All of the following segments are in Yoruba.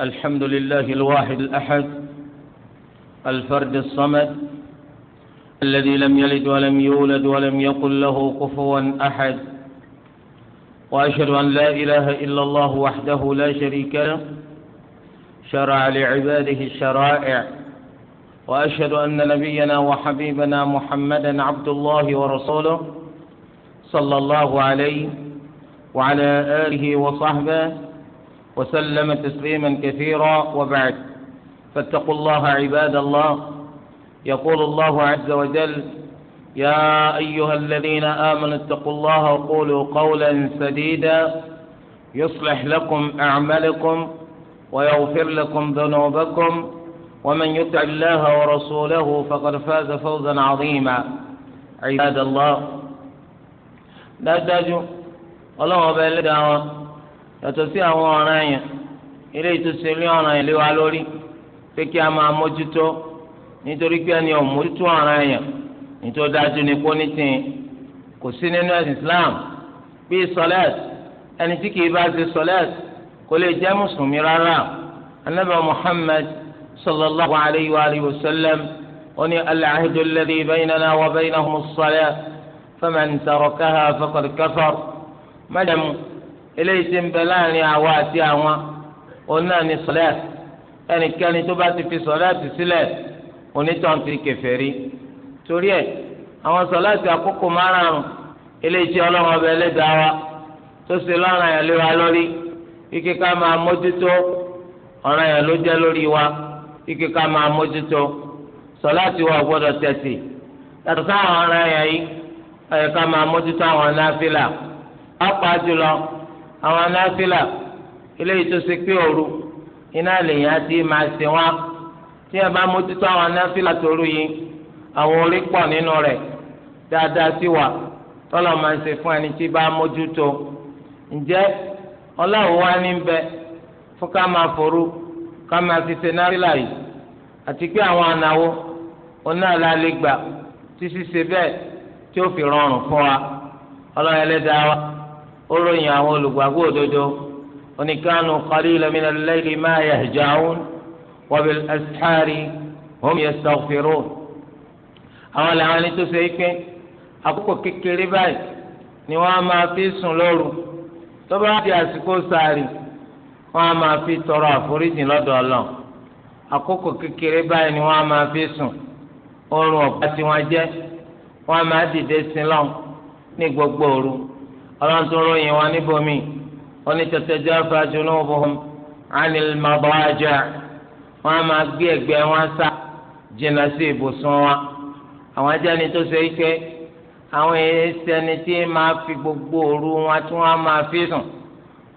الحمد لله الواحد الأحد الفرد الصمد الذي لم يلد ولم يولد ولم يقل له كفوا أحد وأشهد أن لا إله إلا الله وحده لا شريك له شرع لعباده الشرائع وأشهد أن نبينا وحبيبنا محمدا عبد الله ورسوله صلى الله عليه وعلى آله وصحبه وسلم تسليما كثيرا وبعد فاتقوا الله عباد الله يقول الله عز وجل يا ايها الذين امنوا اتقوا الله وقولوا قولا سديدا يصلح لكم اعمالكم ويغفر لكم ذنوبكم ومن يطع الله ورسوله فقد فاز فوزا عظيما عباد الله لا تاجوا الله بلدعوا yàtọ̀ sí àwọn ọ̀ràn yẹn ilé ìtòsí ilé ọ̀ràn yẹn lé wa lórí pé kí a máa mójútó nítorí pé ẹni ọ̀mójútó ọ̀ràn yẹn nítorí dájú ni kó ní tìǹ kò sí nínú ẹ̀sìn Islam bíi sọlẹ́t ẹni tí kìí bá ṣe sọlẹ́t kò lè jẹ́ mùsùlùmí rárá anabi Muhammad sallallahu alayhi wa alihi wa sallam oní al-ahdu alladhi wa baynahumus salat faman tarakaha faqad eléyìí tí ń bẹ láàrin àwa àti àwọn òun náà ni sọlẹ ẹnikẹ́ni tó bá ti fi sọlẹ ti sílẹ̀ onítàn ti kèfèrí torí ẹ̀ àwọn sọlẹ ti àkókò márùn eléyìí tí Ọlọ́run ọbẹ Ẹlẹ́dàá wa tó ṣe lọ́rùn àyàn léwa lórí ike ká máa mójútó ọ̀ràn àyàn ló jẹ́ lórí wa ike ká máa mójútó sọlẹ ti wà gbọ́dọ̀ tẹ̀sí yàtọ̀ sáwọn ọ̀ràn àyàn yìí ẹ̀ka máa mójútó àwọn náfìlà ọ̀pá jùlọ. àwọn anáfílà eléyìí tó ṣe pé òru iná lèyìn á ti máa ṣe wá tí ẹ bá mójútó àwọn anáfílà tòru yìí àwọn orí pọ̀ nínú rẹ̀ dáadáa sí wa tọ́lọ̀ máa ń ṣe fún ẹni tí bá mójútó ǹjẹ́ ọlọ́run wá ní bẹ fún ká máa forú ká máa ṣe náfílà yìí àti pé àwọn anáwó oná gbà tí ṣíṣe bẹ́ẹ̀ tí ó fi O ròyìn àwọn olùgbàgbọ́ òdodo ó ní kánú qalilan min ma yahja'un wa bil ashari hum àwọn làwọn ẹni tó ṣe é pé àkókò kékeré báyìí ni wọ́n á máa fi sùn lóru tó bá di àsìkò sààrì wọ́n á máa fi tọrọ àforíjì lọ́dọ̀ àkókò kékeré báyìí ni wọ́n á máa fi sùn oorun tí wọ́n wọ́n á ọlọ́run tó ròyìn wọn níbomi ó ní tatajafa junubuhum anil madaji' wọn á máa gbé ẹ̀gbẹ́ wọn sá jìnnà sí ibùsùn wọn àwọn ajẹ́ni tó ṣe ike àwọn ẹsẹ̀ni tí máa fi gbogbo òru wọn tí wọ́n máa fi sùn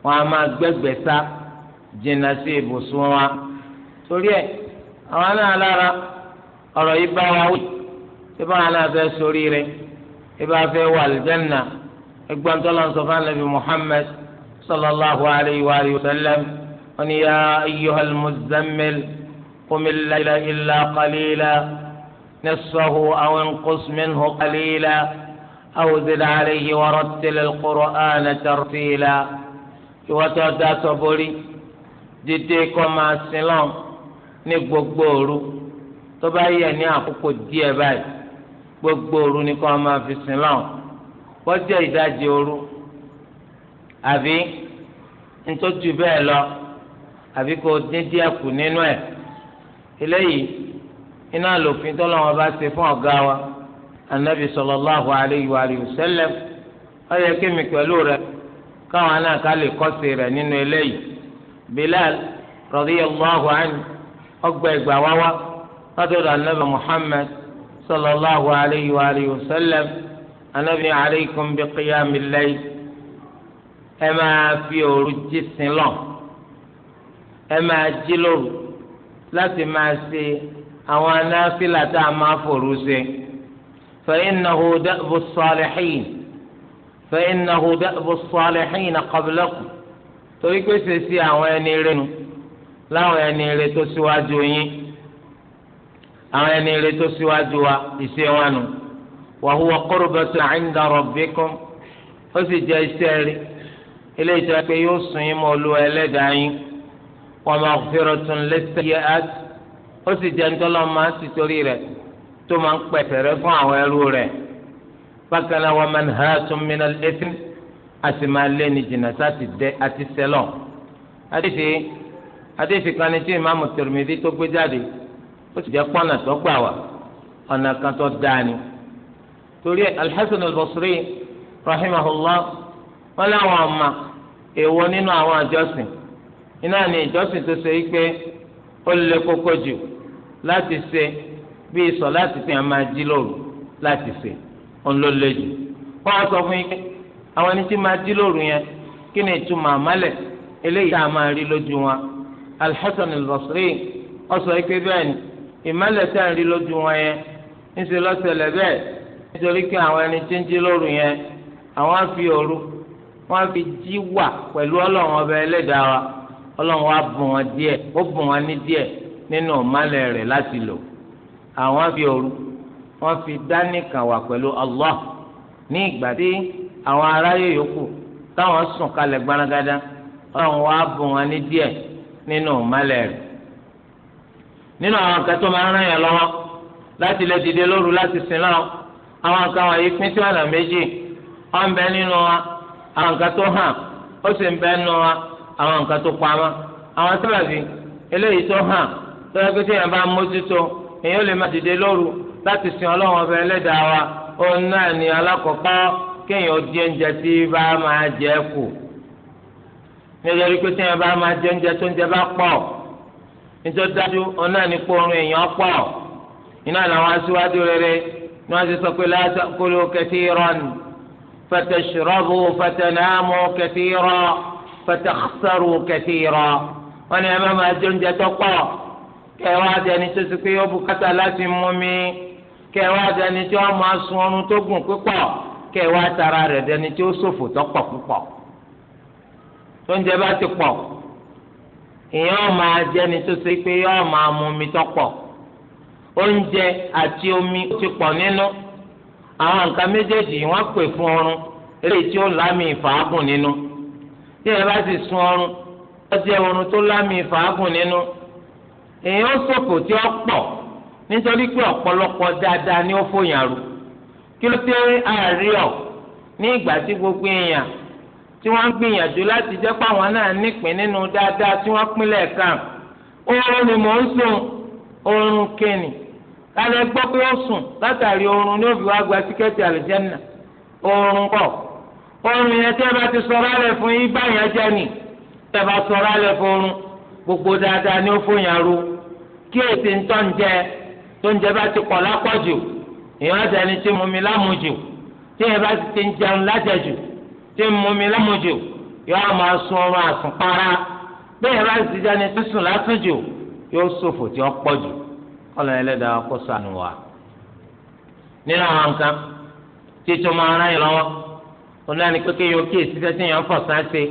wọn á máa gbẹ́gbẹ́ sá jìnnà sí ibùsùn wọn torí ẹ̀ àwọn náà lára ọ̀rọ̀ yìí bá wa wí tí báwọn náà fẹ́ sórí rẹ̀ tí bá fẹ́ wà lìjẹ́nà ẹgbọn tó lọ sọ fún anabi muhammed sallallahu alayhi wa sallam wọn yà ayyuha al-muzammil qumi al-layla illa qalila nisfahu aw inqus minhu qalila aw zid alayhi wa rattil al-qur'ana tartila ìwọ́tọ̀ dasọ borí dídé kọ́ máa sin lọ́n ní gbogbo òru tó bá yẹ ní àkókò díẹ̀ báyìí gbogbo òru ni kọ́ máa fi sin lọ́n. kọjá ìdajì òru àbí ntọ́jú bẹ́ẹ̀ lọ àbí kò dín díẹ̀ kù nínú ẹ̀ eléyìí iná lòfin tọ́lọ́wọ́n bá ṣe fún ọ̀gá wa anabi sallallahu alayhi wa sallam ó yẹ kémi pẹ̀lú rẹ káwọn náà ká lè rẹ̀ nínú eléyìí bilal radiyallahu anhu ọgbà ẹgbà wá látọ̀dọ̀ anabi muhammad sallallahu alayhi wa sallam. anabi aleikum bi qiyami layl ẹ máa fi òru jí sin lọ ẹ máa jí lóru láti máa ṣe àwọn anáfílà tá a máa fòru ṣe fa innahu da'bu s-salihin fa innahu da'bu s-salihin qablakum torí pé ṣe sí àwọn ẹni rinu láwọn ẹni rẹ tó síwájú yín àwọn ẹni rẹ tó síwájú wa ìṣe wọn nù. وهو قربة عند ربكم فسجى الشارع إليه تلك يوصيم ولو ألدعين ومغفرة للسيئات فسجى أنت لما ستريرك ثم انقفر فعوى الوري فكان ومنهات من الإثم أسمى لين جنسات السلام أدفي أدفي كانت إمام الترمذي تقول جادي فسجى قناة تقوى أنا داني torí alḥasan albasri rahimahullah wọn láwọn ọmọ èèwọ̀ nínú àwọn àjọsìn iná ní ìjọsìn tó ṣe wípé ó lè kókó jù láti ṣe bíi sọ láti fi àmà jí lóru láti ṣe òun ló lè jù wọn á sọ fún yín pé àwọn ẹni tí máa jí lóru yẹn kí ni ìtumọ̀ àmálẹ̀ eléyìí tá a máa rí lójú wọn alḥasan albasri ó sọ wípé bẹ́ẹ̀ ni ìmálẹ̀ tá a rí lójú wọn yẹn ń ṣe lọ́sẹ̀lẹ̀ bẹ́ẹ̀ nítorí pé àwọn ẹni tí ń jí lóru yẹn àwọn á fi òru wọn á fi jí wà pẹ̀lú ọlọ́run ọba ẹlẹ́dàá wa ọlọ́run wa bùn wọn díẹ̀ ó bùn wọn ní díẹ̀ nínú ọ̀málẹ̀ rẹ̀ láti lò àwọn á òru wọn fi dánìkan wà pẹ̀lú Allah ní ìgbà tí àwọn aráyé yòókù táwọn sùn kalẹ̀ gbanagada ọlọ́run wa bùn wọn ní díẹ̀ nínú ọ̀málẹ̀ rẹ̀ nínú àwọn akẹ́tọ́ máa ń ràn lọ́wọ́ láti lè dìde lóru láti sin lọ́wọ́ àwọn nǹkan wọ̀nyí pín sí ọ̀nà méjì wọ́n ń bẹ nínú wa àwọn nǹkan tó hàn ó sì ń bẹ nínú wa àwọn nǹkan tó pamọ́ àwọn sábàbí eléyìí tó hàn tó yẹ kó tí yẹn bá mójútó èyàn lè má dìde lóru láti sin wa náà ni alákọ̀ọ́kọ́ kéèyàn di oúnjẹ tí bá máa jẹ kù nítorí pé tí yẹn bá máa jẹ oúnjẹ tó ń jẹ bá pọ̀ nítorí dájú kó èèyàn pọ̀ iná làwọn rere. ní wọ́n ti sọ pé la ta'kulu kathiran fatashrabu fatanamu kathiran fatakhsaru kathiran wọ́n ní ẹ má máa jẹ oúnjẹ tó pọ̀ kẹ́ wá dẹni tó ti pé ó bùkátà láti mú mi kẹ́ wá tó máa sun oorun tó gùn púpọ̀ kẹ́ tara rẹ̀ dẹni tó ṣòfò tó pọ̀ púpọ̀ bá ti pọ̀ ìyẹn ọ̀ máa tó ṣe pé yọ ọ̀ máa oúnjẹ àti omi ti pọ̀ nínú àwọn nǹkan méjèèjì wọ́n pè fún ọrùn eléyìí tí ó lámì ìfàágùn nínú tí ẹ bá sì sun ọrùn ó jẹ́ oorun tó lámì ìfàágùn nínú èèyàn ṣòfò tí ó pọ̀ nítorí pé ọ̀pọ̀lọpọ̀ dáadáa ni ó fòyàn kí ló gbogbo èèyàn tí wọ́n ń gbìyànjú láti jẹ́ pàwọn náà nípìn nínú dáadáa tí wọ́n pínlẹ̀ kan lálẹ́ gbọ́ pé ó sùn látàrí oorun ní òbí wa gba tíkẹ́ẹ̀tì àlùjẹ́nà oorun kọ̀ oorun yẹn tẹ́ bá ti sọ̀rọ̀ alẹ́ fún yín báyẹn jẹ́ nì tẹ́ bá sọ̀rọ̀ alẹ́ fún oorun gbogbo dáadáa ni ó fún yàn ro kí èsì ń tọ́ ń jẹ tó ń jẹ bá ti kọ̀ lápọ̀jù èèyàn àtẹni tí mu mi lámujù tí èèyàn bá ti ń jẹun lájẹjù tí mu mi lámujù yóò máa sun oorun àsùnpara bẹ́ẹ̀ bá ti jẹni sísùn lásùnjù yóò ṣòfò tí ó pọ̀jù. kọ́lọ̀ ẹlẹ́dàá kó sànù wá. nínú àwọn nǹkan tí tó máa rán yìí lọ́wọ́ ó náà ní kékeré yóò kíyèsí iṣẹ́ tí yẹn ń fọ̀ sáńsẹ́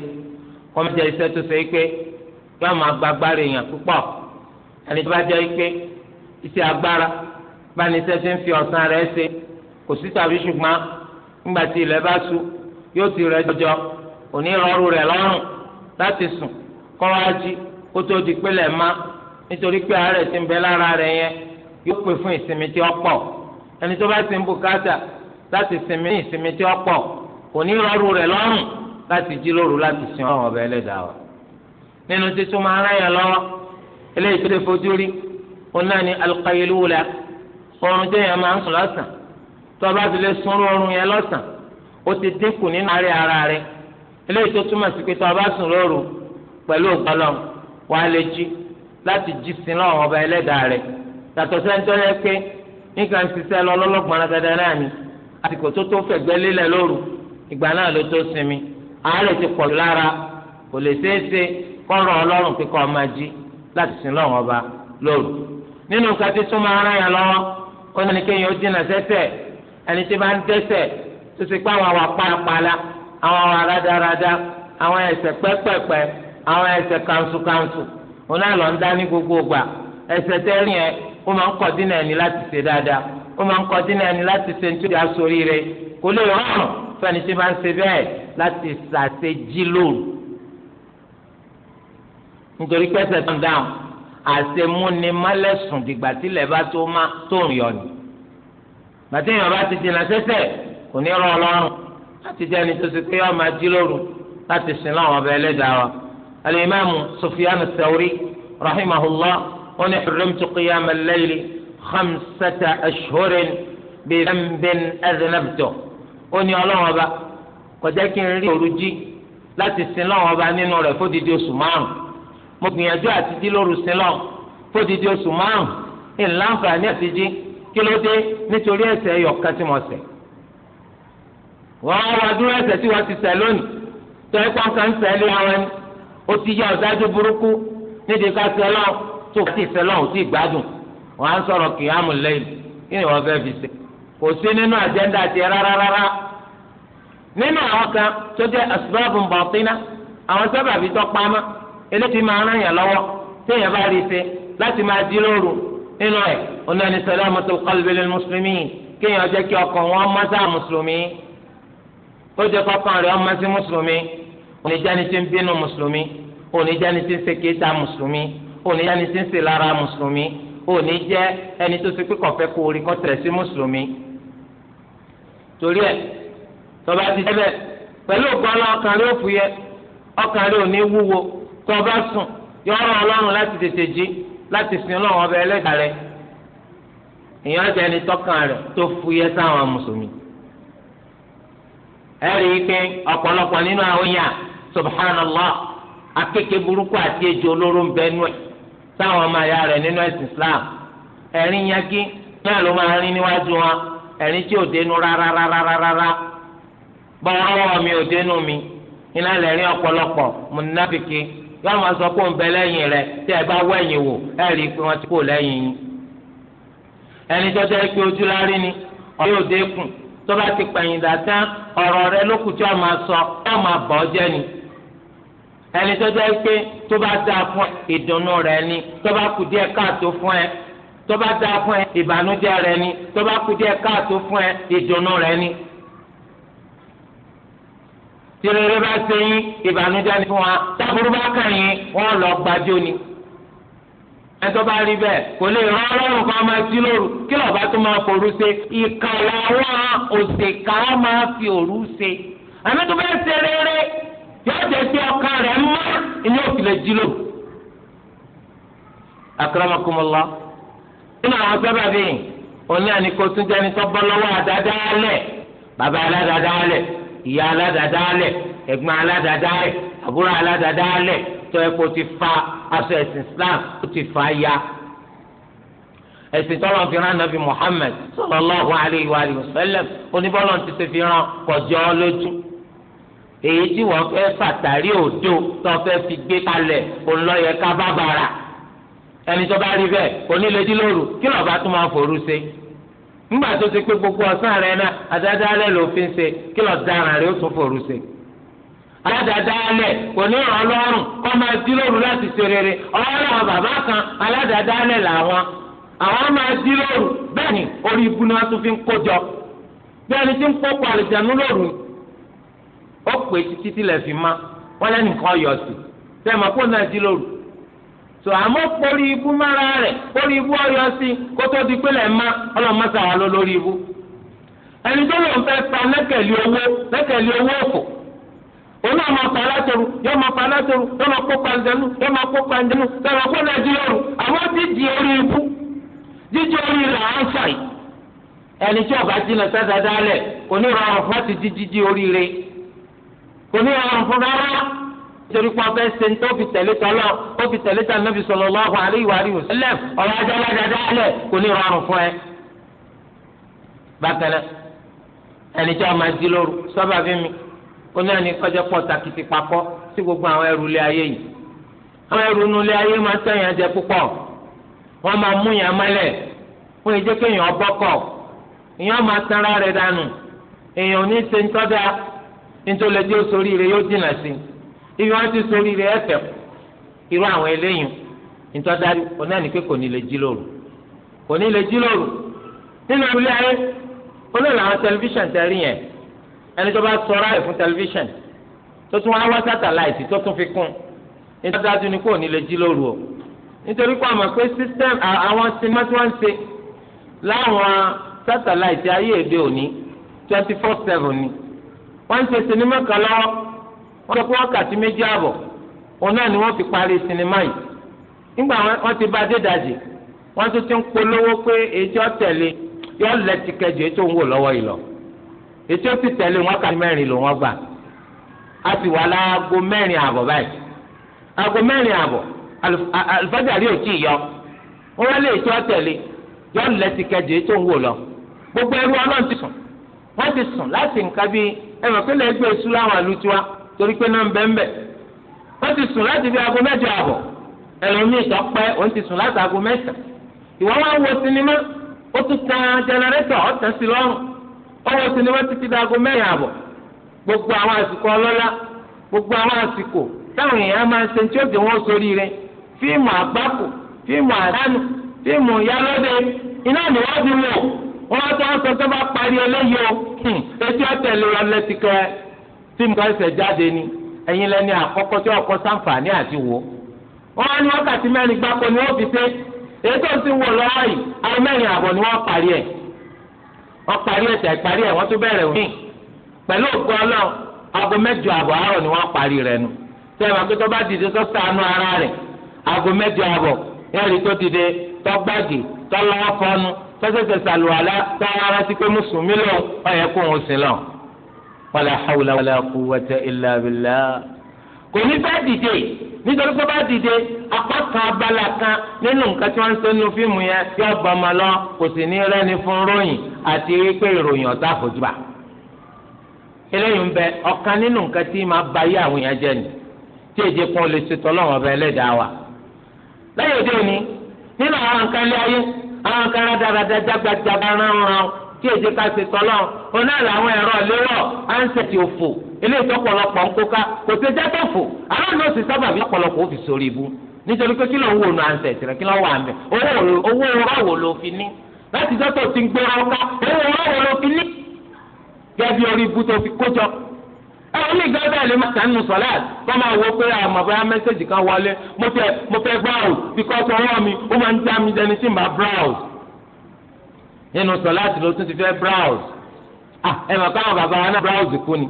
tó ṣe pé yóò máa gba agbára èèyàn ẹni tó bá pé agbára bá ní tí ń fi ọ̀sán ṣe kò sí tàbí ṣùgbọ́n nígbà tí ilẹ̀ bá yóò ti jọjọ òní rọrùn lọ́rùn láti sùn nítorí pé àárẹ̀ ti ń bẹ lára rẹ̀ yẹn yóò pè fún ìsinmi tí ó pọ̀ ẹni tó bá ti ń bùkátà láti sinmi ní ìsinmi tí ó pọ̀ kò ní rọrùn rẹ̀ lọ́rùn láti jí láti sin ọ̀rọ̀ ọ̀bẹ ẹlẹ́dàá wa nínú títún máa rán yẹn lọ́wọ́ eléyìí tó lè fojú rí òun náà ni alqaylula oorun téèyàn máa ń sùn lọ́sàn tó bá ti lè sun oorun yẹn lọ́sàn ó ti dínkù nínú àárẹ̀ ara rẹ̀ eléyìí tó túmọ̀ sí pé tó bá sùn lóru pẹ̀lú ògbọ́lọ́ wàá lè jí láti jí sin lọ́wọ́ ọba ẹlẹ́dàá rẹ̀ yàtọ̀ sẹ́ńtọ́ yẹ pé nígbà ṣiṣẹ́ lọ lọ́lọ́gbọ̀n dáadáa náà ni àsìkò tó tó fẹ̀gbẹ́ lélẹ̀ lóru ìgbà náà ló tó sinmi àárẹ̀ ti pọ̀ lára kò lè ṣeé ṣe kọ́rọ̀ ọlọ́run pé kọ́ máa jí láti sin lọ́wọ́ ọba lóru nínú nǹkan tí súnmọ́ ara yẹn lọ́wọ́ ó ní kéèyàn ó dínà sẹ́sẹ̀ ẹni tí bá ń dẹ́sẹ̀ tó ti pé àwọn àwa pálapàla àwọn àwa àwọn ẹ̀ṣẹ̀ pẹ́pẹ́pẹ́ àwọn ẹ̀ṣẹ̀ kanṣukanṣu òun náà lọ ń dá ní gbogbo gbà ẹsẹ̀ tẹ́rìn ẹ̀ ó máa ń kọ́ dínà ẹni láti ṣe dáadáa ó máa ń kọ́ dínà ẹni láti ṣe nítorí asorí rẹ kò lè rọrùn fẹ́ni tí máa ń ṣe bẹ́ẹ̀ láti ṣàṣe jí lóru nítorí pẹ́sẹ̀ tó ń dáhùn àṣemúni mọ́lẹ́sùn dìgbà tílẹ̀ bá tó má tó ń yọ ni bàtí èèyàn bá ti dènà sẹ́sẹ̀ kò ní rọ ọlọ́run láti jẹ́ ẹni tó ṣe pé ọmọ ajílóru láti sin láwọn ọba ẹlẹ́dàá wa. الإمام سفيان الثوري رحمه الله وأن حرمت قيام الليل خمسة أشهر بذنب أذنبته وأن الله أبا قد لي رجي لا تسلم أبا نين رفضي دي سمان مبنية جاءت دي لور سلام فضي دي سمان إن لانفعني أتجي كيلو دي نتولي أسي يوكاتي موسي wọ́n wá dúró ẹsẹ̀ tí wọ́n ti sẹ̀ ó ti yá ọ̀dájú burúkú nídìí ká sẹlọ tó ti sẹlọ ò ti gbádùn wọn á ń sọ̀rọ̀ kìámù lẹ́yìn kí ni wọn fẹ́ẹ́ fi ṣe kò sí nínú àjẹndà tiẹ̀ rárá nínú àwọn kan tó jẹ asbabun batina àwọn sábàbí tó pamọ́ eléyìí máa ràn yàn lọ́wọ́ téèyàn bá rí i ṣe láti máa di lóru nínú kí ọkàn wọn mùsùlùmí ó ọmọ sí mùsùlùmí. oníjàni tí ń bínú mùsùlùmí oníjàni tí ń ṣe kéta mùsùlùmí oníjàni tí ń ṣe lára mùsùlùmí òní jẹ́ ẹni tó ṣe pé kọfẹ kó orí kọ tẹ sí mùsùlùmí torí ẹ tọba ti jẹ bẹ́ẹ̀ pẹ̀lú ògbọlọ ọkàn rẹ òfúyẹ ọkàn rẹ òní wúwo tọba sùn yọrọ Ọlọ́run láti tètè jí láti sin Ọlọ́run ọbẹ Ẹlẹ́dàá rẹ èèyàn jẹ ẹni tọkàn rẹ tó fúyẹ́ sáwọn mùsùlùmí ẹ rí i pé ọ̀pọ̀lọpọ̀ nínú àwọn èèyàn subhanallah akéke burúkú àti ejò olóró ń bẹnu ẹ táwọn ọmọ ayá rẹ nínú ẹsìn islam ẹ̀rín yagi náà ló máa rin níwájú wọn ẹ̀rín tí ò dénú bọ́ọ̀rọ̀ mi ò dénú mi iná lẹ́rìn ọ̀pọ̀lọpọ̀ yóò máa sọ pé bẹ lẹ́yìn rẹ tí ẹ bá wò ẹ rí i pé wọ́n ti kó lẹ́yìn yín ẹni tó jẹ́ pé ojú lárí ni ẹni tó jẹ́ pé tó bá dáa fún ẹ ìdùnnú rẹ ni tó bá kù díẹ̀ káàtó fún ẹ tó bá dáa fún ẹ ìbànújẹ́ rẹ ni tó bá kù díẹ̀ káàtó fún ẹ ìdùnnú rẹ ni tí bá ṣe yín ìbànújẹ́ ni fún wa táburú bá kàn yín wọ́n lọ gbàjọ ni. ẹ̀tọ́ bá rí bẹ́ẹ̀ kò lè rán ọlọ́run kan máa sí lóru kí lọ́ba tó máa forú ṣe ìkàlà wọn òṣèkà máa fi òru ṣe. àmì yóò jẹ́ pé ọkàn rẹ̀ mọ́ ilé òfìlẹ̀ jílò. akramakumullah nínú àwọn sábà bí òní àníkó tún jẹ́ ní tọ́gbọ́n lọ́wọ́ àdádáálẹ̀ bàbá aládàádáálẹ̀ ìyá aládàádáálẹ̀ ẹ̀gbọ́n aládàádáálẹ̀ àbúrò aládàádáálẹ̀ tó ẹ̀kọ́ ti fa aṣọ ẹ̀sìn Islam ó ti fa ya ẹ̀sìn tọ́lọ̀ fi rán nàbì Muhammad sallallahu alayhi wa sallam oníbọ́lọ̀ ti ṣe lójú èyí tí wọ́n fẹ fàtàrí òdo tó fẹ fi gbé kalẹ̀ òǹlọ́yẹ ká ẹni tó bá rí bẹ́ẹ̀ lóru kí lọ́ọ́ bá máa forú tó ti pé gbogbo ọ̀sán rẹ̀ náà àdáadáalẹ̀ ló se. ṣe kí lọ dára rẹ̀ ó tún forú kò ní ràn máa àwọn máa lóru bẹ́ẹ̀ ni orí fi ń kó jọ ó pè títí tí lè fi má wọ́n lẹ́nu kan yọ sí sẹ́mi kó náà di lóru tó àmọ́ kórí ibú mára rẹ̀ kórí ibú ọyọ sí kó tó di pé lẹ̀ má ọlọ́mọ sàwọn ló lórí ibú ẹni tó lòun fẹ́ pa lẹ́kẹ̀lé owó lẹ́kẹ̀lé owó òfò òun àwọn ọkọ alátoru yọ máa pa alátoru náà di lóru orí ibú ọba sẹ́dáadáa lẹ̀ kò ní rọrùn fún kò ní ọrùn fún rárá nítorí pé ọbẹ̀ ṣe ń tó fi tẹ̀lé tọ́lọ̀ ó fi tẹ̀lé tà nàbì sallallahu alaihi wa alihi wasallam ọ̀rọ̀ ajá ládàá alẹ̀ kò ní ọrùn fún ẹ. bákan ẹni tí wọn máa di lóru sábà fi mi ó ní ẹni kọjá pọ̀ takìtì pakọ́ sí gbogbo àwọn ẹrù ilé ayé yìí àwọn ẹrù inú ilé ayé máa tẹ̀yàn jẹ púpọ̀ wọ́n máa mú yàn mọ́lẹ̀ fún ìjẹ́kẹ́yàn ọbọ̀kọ̀ ìyàn nítorí ẹjọ́ sórí rẹ yóò dínà sí ibi wọn ti sórí rẹ ẹ̀fẹ̀ irú àwọn eléyìí nítorí onáni pé kò ní lè jí lóru kò ní lè jí lóru nínú ilé ayé olóòlù àwọn tẹlifíṣàn tẹ̀rí yẹn ẹni tó bá sọ̀rọ̀ àyè fún tẹlifíṣàn tó tún wá wá sátáláìtì tó tún fi kún nítorí dájú ni kò ní lè jí lóru o nítorí pé àmọ̀ pé system àwọn sinmi tí wọ́n ń ṣe láwọn sátáláìtì ayé èdè òní twenty four seven ni wọ́n ń ṣe sinimá kan lọ́wọ́ wọ́n sọ pé wákàtí méjì òun náà ni wọ́n fi parí sinimá yìí nígbà ti bá dédàjì wọ́n tún ti ń polówó pé ètò ọ̀tẹ̀lẹ̀ yọ lẹ́tì kẹjọ ètò òun wò yìí lọ ló gbà á sì wà láago báyìí yọ wá lé yọ kẹjọ ètò òun wò lọ gbogbo ẹrú ọlọ́run ti sùn ti sùn láti nǹkan bíi ẹ mọ̀ pé lè gbé esu láwọn àlùtúwa torí pé náà ń bẹ́ ń wọ́n ti sùn láti fi aago mẹ́jọ àbọ̀ ẹlòmíì tó pẹ́ òun ti sùn láti aago mẹ́sàn. ìwọ wá wo sinimá ó tún tan jẹnẹrétọ̀ ó sí lọ́rùn ó gbogbo àwọn àsìkò ọlọ́lá gbogbo àwọn àsìkò táwọn èèyàn máa ń ṣe tí ó di wọn sórí rẹ fíìmù àgbákò fíìmù àdánù fíìmù yálọ́dẹ iná ni wọ́n tó ń sọ tó parí eléyìí o hmm. etí ọ̀tẹ̀lẹ̀ ọlẹ́tìkẹ́ tí mo kàn jáde ni ẹ̀yin lẹ́ni àkọ́kọ́ tí ọkọ sáǹfààní àti wò wọ́n ní wákàtí gbáko ni wọ́n fi ṣe èyí tó ti wò lọ́wọ́ yìí àwọn ni wọ́n parí ẹ̀ wọ́n parí ẹ̀ tẹ̀ parí ẹ̀ wọ́n tún bẹ̀rẹ̀ òkú aago ni wọ́n parí rẹ̀ nu tọ́sẹ̀sẹ̀ sàlùwàlá táwọn ará sí pé mùsùlùmí lọ ọ̀yẹ́ kó wọn sí lọ. wàlá hawla wàlá quwwata illa billah. kò ní bá dìde nítorí pé bá dìde apá kan abala kan nínú nǹkan tí wọ́n ń sọ nínú fíìmù yẹn yóò bá ọmọ lọ kò sì ní rẹ́ni fún ròyìn àti wípé ìròyìn ọ̀tá àfojúbà. eléyìí ń bẹ ọ̀kan nínú nǹkan tí máa ba yé àwọn èèyàn jẹ́ ni tí èdè kan lè ṣètò ọlọ́run ọba ẹlẹ́dàá wa. lẹ́yìn òde òní nínú àwọn nǹkan ilé ayé àwọn kan rádaràdà jágbajàgbà ránran tí èdè ká ṣe tọ́lọ́ ọ̀nà làwọn ẹ̀rọ lérò ánsẹ̀tì òfò eléyìí tọ́pọ̀lọpọ̀ ń kóká kò ṣe jẹ́tọ̀ fò àwọn náà sì sábà bí ọ̀pọ̀lọpọ̀ ó fi sórí ibú nítorí pé kí ló ń wò nù ánsẹ̀tì rẹ̀ kí ló wà mẹ́ owó ọ̀rọ̀ ló fi ní láti jọ́tọ̀ ti ń gbé ọ̀ká owó ọ̀rọ̀ ló fi ní gẹ́gẹ́ bí orí ibú tó fi kó jọ àwọn onígbà bẹ́ẹ̀ lè máa sànù sọ̀lá kọ́ máa wo pé àmọ̀ bá mẹ́sẹ̀gì kan wọlé mo fẹ́ mo fẹ́ browse because ọwọ́ mi ó máa ń já mi dẹni tí mà á browse nínú sọ̀lá tí ló tún ti fẹ́ browse ah ẹ mọ̀ káwọn bàbá wa náà browse kú ni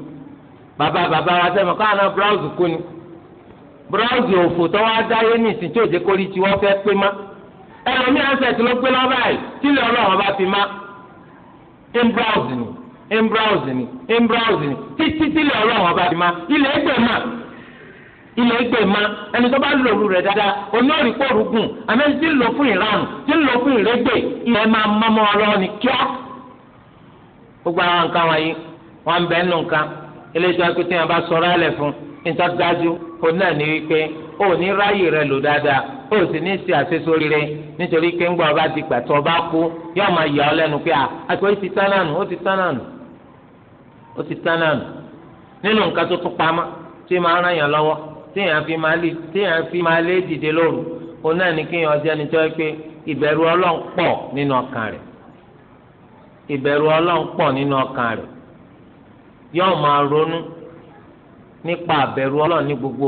bàbá bàbá wa sẹ́mọ̀ káwọn náà browse kú ni browse òfò tọ́wọ́ adáyé ní ìsìn tí òjé kórìí tí wọ́n fẹ́ pé má ẹlòmíràn sẹ̀ tí ló gbé lọ́ báyìí ń browse ni ń browse ni títí ọlọ́run ọba ti ma ilẹ̀ ẹgbẹ́ ma ilẹ̀ ẹgbẹ́ ma ẹni tó bá lò lù rẹ̀ dáadáa oní òrìkó òrùgùn àmẹ́ni tí ń lò fún ìranù tí ń lò fún ìrẹ́gbẹ́ máa ọlọ́run ni kíá. gbogbo àwọn nǹkan wọ̀nyí wọ́n ń nǹkan eléyìí tó bá rẹ lò dáadáa ó sì ní nítorí pé ńgbà ọba ti gbà ọba kú yóò máa yà ọ ó ti tán náà nínú nǹkan tó tún pamọ́ tí máa ń ràn lọ́wọ́ fi máa lé dìde lóru òun náà ní kéèyàn jẹ́ ni tó yẹ pé ìbẹ̀rù ọlọ́run pọ̀ nínú ọkàn rẹ̀ ìbẹ̀rù ọlọ́run pọ̀ nínú ọkàn rẹ̀ yóò máa ronú nípa àbẹ̀rù ọlọ́run ní gbogbo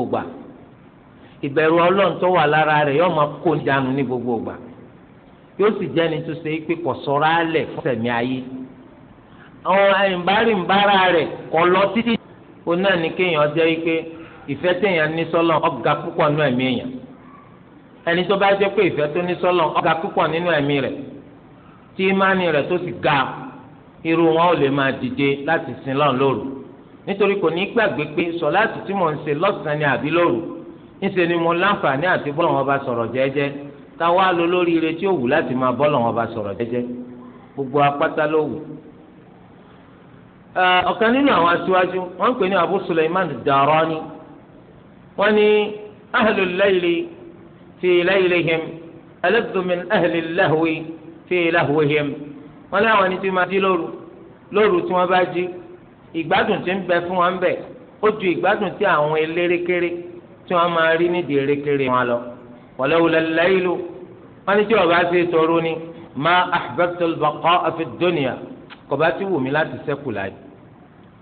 ìbẹ̀rù ọlọ́run tó wà lára rẹ̀ yóò máa kó ní gbogbo àwọn àyìnbárì ń bára rẹ̀ kọ́ lọ títí. o náà ní kéèyàn jẹ́ pé ìfẹ́ téèyàn ní sọ́lọ̀ ọ̀gá púpọ̀ nínú ẹ̀mí èèyàn ẹni tó bá jẹ́ pé ìfẹ́ tó ní sọ́lọ̀ ọ̀gá púpọ̀ nínú ẹ̀mí rẹ̀ tí ìmánì rẹ̀ tó sì ga irú wọn ò lè máa dìde láti sin lọ́n lóru nítorí kò ní gbàgbé pé sọ̀láàtì tí mò ń lọ́sàn-án ni àbí lóru ńṣe ni mo láǹfààní àti wọn bá sọ̀rọ̀ ọ̀kan nínú àwọn aṣíwájú wọ́n ń pè ní abu suleiman darani wọ́n ní ahlu layli fi laylihim aladdu min ahli lahwi fi lahwihim wọ́n láwọn ẹni tí wọ́n máa jí lóru lóru tí wọ́n bá jí ìgbádùn tí ń bẹ fún wọn bẹ ó ju ìgbádùn tí àwọn elérekere tí wọ́n máa rí nídìí erékeré wọn lọ wọléwulẹ lẹ́yìn wọ́n ní tí wọ́n bá ṣe tọrọ ni ma ahbabtul baqa fi kọba tí wù mí láti sẹ́kù láyé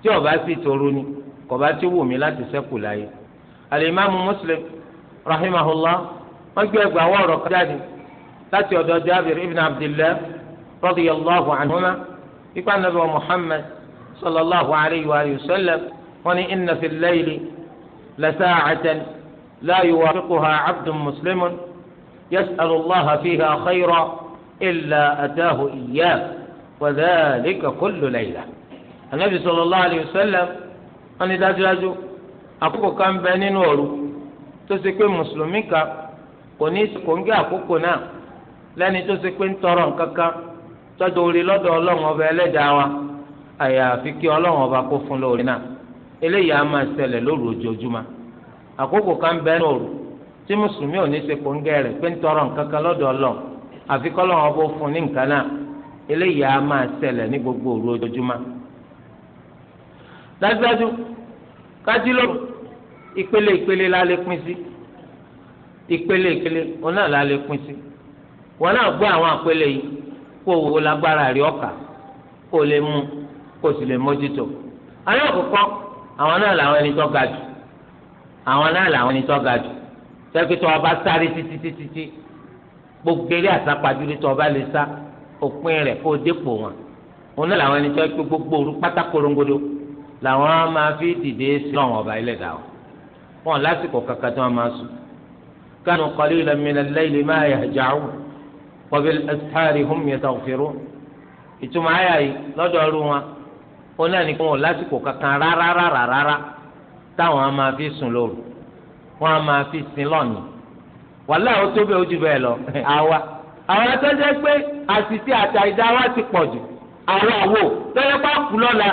tí ọba sì toro ni kọba tí wù mí láti sẹ́kù láyé alimami muslim rahimahullah wọn gbé ẹgbàá wọ̀rọ̀ kájáde láti ọ̀dọ̀ jabir ibn abdillah radiyallahu anhuma ipa nabi wa muhammad sallallahu alayhi wa sallam wọn ni inna fi layli la saacatan la yuwafiquha cabdun muslimun yas'alu allaha fiha khayra illa ataahu iyyah. wadhalika kullu layla anabi sallallahu alayhi wa sallam wọn ni dájúdájú àkókò kan bẹ nínú òru tó ṣe pé mùsùlùmí kan kò ní kò ń gé àkókò náà lẹ́ni tó ṣe pé ń tọrọ nǹkan kan tọdọ ọba Ẹlẹ́dàá wa àyàfi kí Ọlọ́run tí mùsùlùmí ò eléyìí á máa ṣẹlẹ̀ ní gbogbo òru ojoojúmọ́ dájúdájú kájí lóru ìpele ìpele la lè pín sí ìpele ìpele òun náà la lè pín sí wọn náà gbé àwọn àpele yìí kó owó lágbára rí ọkà kó lè mú kó sì lè mójútó àwọn àkọ́kọ́ àwọn náà làwọn ẹni tó ga jù àwọn náà làwọn ẹni tó ga jù sẹ́kítọ́ ọba sáré títí títí gbogbo eré àsápajúrí tó ọba lè sá. òpin rẹ̀ kó o dépò wọn òun náà làwọn ẹni tó gbogbo òru pátá làwọn á máa fi dìde sí ọba ẹlẹ́dàá o wọn lásìkò kankan tí wọn máa sùn kánú ma yahja'un wa bil-ashari hum ìtumọ̀ ayà yìí wọn ó náà ní kí wọn lásìkò kankan táwọn á máa fi sùn lóru wọn á máa fi sin lọ́ọ̀nì wàhálà ó tó bẹ́ẹ̀ ó ju bẹ́ẹ̀ lọ àwa àti àtàìdá wa ti pọ̀ jù àwọn àwò tọ́lẹ́ bá kú lọ́la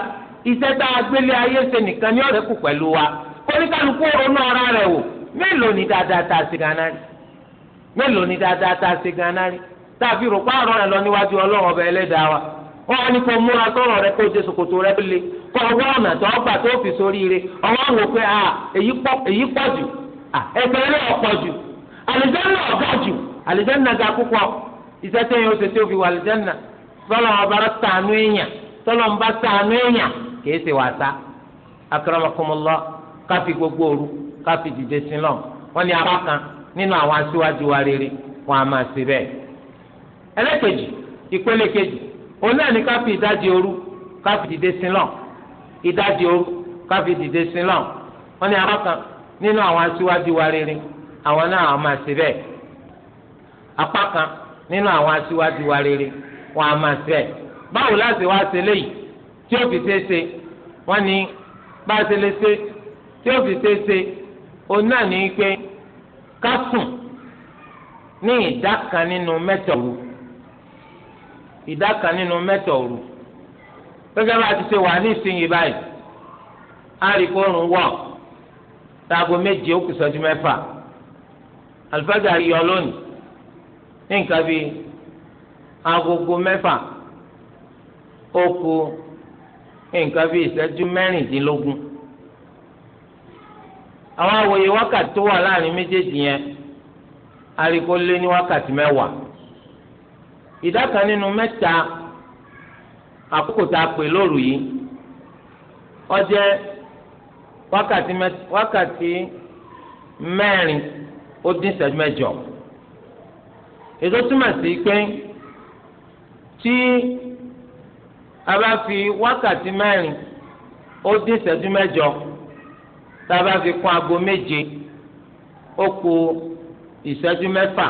iṣẹ́ tá a gbélé ayé ṣe nìkan ní ọ̀rẹ́ kù pẹ̀lú wa oníkàlùkù ronú ara rẹ̀ wò mélòó ni dáadáa tá ṣe ganan rí ṣe rí tàbí rò pààrọ̀ rẹ̀ lọ níwájú ọlọ́run wa wọ́n ní kó múra rẹ kó rẹ lé kó ọ̀nà tó ọgbà tó fi sórí wò pé èyí pọ̀ jù ẹgbẹ́ iṣẹ́ tẹ̀yìn ó ṣe tí ó fi wà lìjẹ́nà tọ́lọ̀ ọba sànú èèyàn tọ́lọ̀ sànú èèyàn kìí ṣe gbogbo òru káfi dìde sí lọ wọn ni apá kan nínú àwọn aṣíwájú wa rere wọ́n á máa ṣe ẹlẹ́kejì ìpele kejì òun náà òru dìde sí lọ òru dìde sí lọ kan nínú àwọn aṣíwájú wa rere àwọn náà máa ṣe kan nínú àwọn aṣíwájú wa rere wọn a máa ṣe báwo láti wá ṣe léyìí tí ó fi ṣe ṣe wọn ni bá a ṣe lè ṣe tí ó fi ṣe ṣe òun náà ní pé ká sùn ní ìdá kan nínú mẹ́ta òru ìdá kan nínú mẹ́ta òru gẹ́gẹ́ bá a ti ṣe wà ní ìsinyìí báyìí a rí kó oòrùn wọ̀ táago méje ó kù sọ́jú mẹ́fà àlùfáàgà yọ lónìí ní nǹkan bíi agogo mẹ́fà ó kù nǹkan bíi ìṣẹ́jú mẹ́rìndínlógún àwọn awòye wákàtí tó wà láàrin méjèèjì yẹn ariko lé ní wákàtí mẹ́wàá ìdá kan nínú mẹ́ta àkókò tá a pè lóru yìí ó wákàtí mẹ́rin ó dín ìṣẹ́jú mẹ́jọ èso túmọ̀ sí pé tí a bá fi wákàtí mẹ́rin ó dín ìṣẹ́jú mẹ́jọ tá a bá fi kún aago méje ó kù ìṣẹ́jú mẹ́fà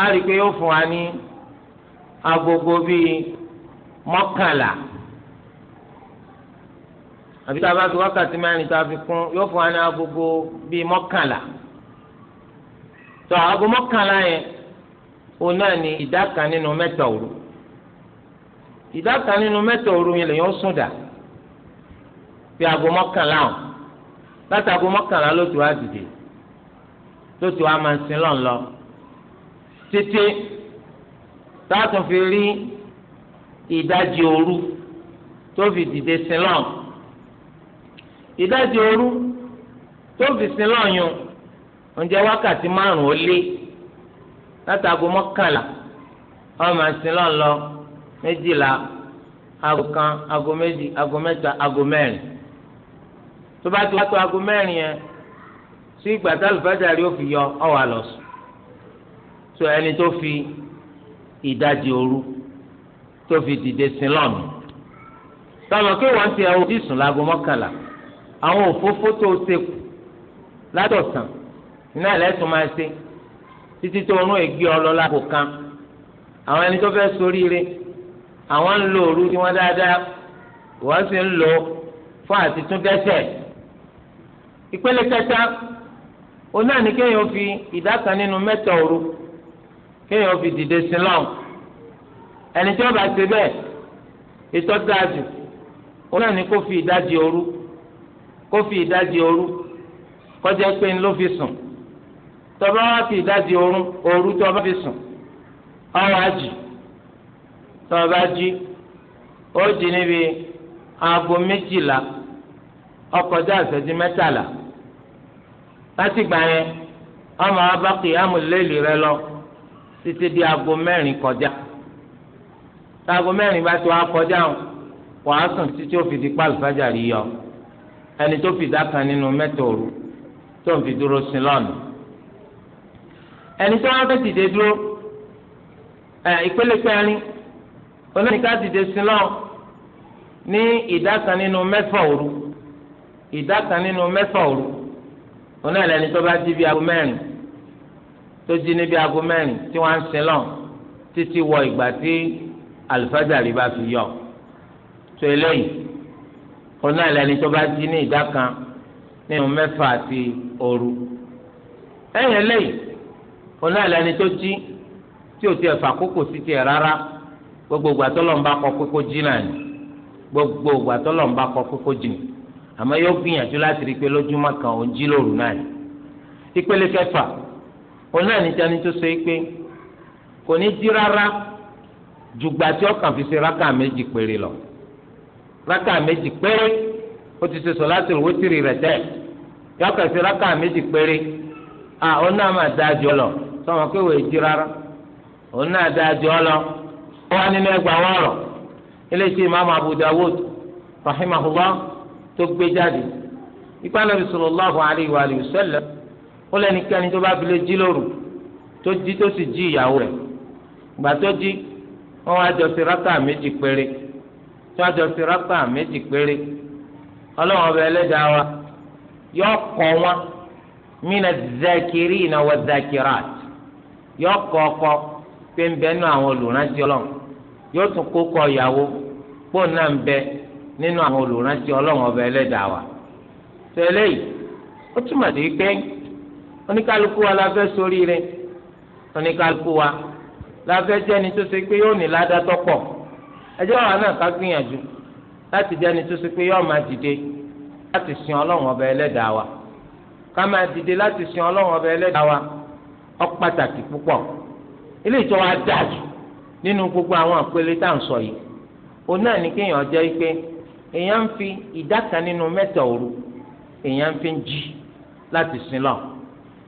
á rí i pé ó fún wa ní agogo bíi mọ́kànlá àbí tá a bá fi wákàtí mẹ́rin tá a fi kún yóò fún wa ní agogo bíi mọ́kànlá tó aago mọ́kànlá yẹn òun náà ni ìdá kan nínú mẹ́ta òru ìdá kan nínú mẹ́ta òru yẹn lèyàn sùn dà bí aago mọ́kànlá ọ̀ láti aago mọ́kànlá ló ti wá dìde ló ti wá máa sin lọ́n títí táàtún fi rí ìdajì òru tó fi dìde sin lọ́n ìdajì òru tó fi sin lọ́n yun oúnjẹ wákàtí márùn ó lé látago mọ́kànlá ọmọ àti lọ́nlọ́ méjìlá aago kan aago méjì aago mẹ́ta aago mẹ́rin tó bá ti wá tó aago mẹ́rin yẹn sí ìgbà tá àlùfáàjà rí ó fi yọ ọwọ́ àlọ́ sùn tó ẹni tó fi ìdajì òru tó fi dìde sí lọ́nù tọ́lọ̀ kí wọ́n ti ẹ̀ ojú sùn láago mọ́kànlá àwọn òfófó tó ṣe látọ̀sán iná ẹlẹ́sùn máa ṣe títí tó ń gbé ọ lọ lápò kan àwọn ẹni tó fẹ́ soríire àwọn ń lo òru tí wọ́n dáadáa wọ́n sì ń lo fún àtitún dẹ́sẹ̀ ìpele kẹta oní àní kéèyàn fi ìdá kan nínú mẹ́ta òru kéèyàn fi dìde sí lọ́n ẹni tí wọ́n bá ṣe bẹ́ẹ̀ ètò dáàjù oní àní kó fi ìdajì òru kó fi ìdajì òru kọjá pé ń ló fi sùn tọba wá fi ìdajì oorun ooru tí ọba fi sùn ọwọ àjì tọba jí ó jí níbi aago méjìlá ọkọjá ìṣẹ́jú mẹ́tàlá láti gbà yẹn ọmọ abákì amúlélì rẹ lọ títí di aago mẹ́rin kọjá táago mẹ́rin bá ti wá kọjá wàá sùn títí ó fi di pàlùfájà yọ ẹni tó fi dá nínú mẹ́tòrú tó ń fi dúró sí ẹni tí wọ́n fẹ́ dìde dúró ìpele kẹrin olóyìnká dìde sílọ ní ìdá kan nínú mẹ́fà òru ìdá kan nínú mẹ́fà òru oní ẹlẹni tó bá jí bí aago mẹ́rin tó jí ní bí aago mẹ́rin tí wọ́n á ń sílọ títí wọ ìgbà tí alifájàrí bá fi yọ tó eléyìí oní ẹlẹni tó bá jí ní ìdá kan nínú mẹ́fà àti òru ẹ̀yìn eléyìí oná ìlànà tó jí tí ò tiẹ̀ fàkókò sí tiẹ̀ rárá gbogbo ìgbà tọ́lọ̀ ń bá kọ kókó jí náà ni gbogbo ìgbà tọ́lọ̀ ń bá kọ kókó jí ni àmọ́ yóò gbìyànjú láti rí i pé lójúmọ́ kan òun jí lóru náà ni ìpele kẹfà oná ìníjà ni tó ṣe é pé kò ní jí rárá jùgbà tí ọkàn fi ṣe rákà méjì péré lọ rákà méjì péré ó ti ṣe sọ̀látul wítìrì rẹ̀ tẹ́ yọkàn ṣe rákà méjì péré à oná máa dáa lọ sọmọ pé wòye jí rárá òun náà dáa jọ ọ lọ ó wá nínú ẹgbàá wọn rọ iléeṣẹ́ imaamu abu dawud rahimahullah tó gbé jáde ipa nàbì sallallahu alayhi wa alihi wa sallam ó lẹ́nikẹ́ni tó bá file jí lóru tó jí tó sì jí ìyàwó rẹ̀ gbà tó jí wọ́n wá jọ sí rákà méjì péré tí wọ́n jọ sí rákà méjì péré ọlọ́wọ́n ọba ẹlẹ́dàá wa yọ ọkọ̀ wọn mina zakirina wa zakirat yóò kọ ọkọ pé ń bẹ nínú àwọn olùrántí Ọlọ́run yóò tún kó kọ ìyàwó pọ́ùn náà ń bẹ nínú àwọn olùrántí ọba ẹlẹ́dàá wa tẹ́lẹ̀ yìí ó túmọ̀ sí pé oníkálukú wa la fẹ́ oníkálukú wa la fẹ́ jẹ́ni tó ṣe pé yóò ní ládàá pọ̀ ẹjọ́ wa náà ká gbìyànjú láti jẹ́ni tó ṣe pé yóò máa dìde láti sin Ọlọ́run wa ká máa dìde láti sin ó pàtàkì púpọ̀ ilé ìjọ wa dájú nínú gbogbo àwọn àpẹẹrẹ tá à ń sọ yìí òun náà ní kéèyàn jẹ́ pé èèyàn ń fi ìdá kan nínú mẹ́ta òru èèyàn ń fi ń jí láti sin lọ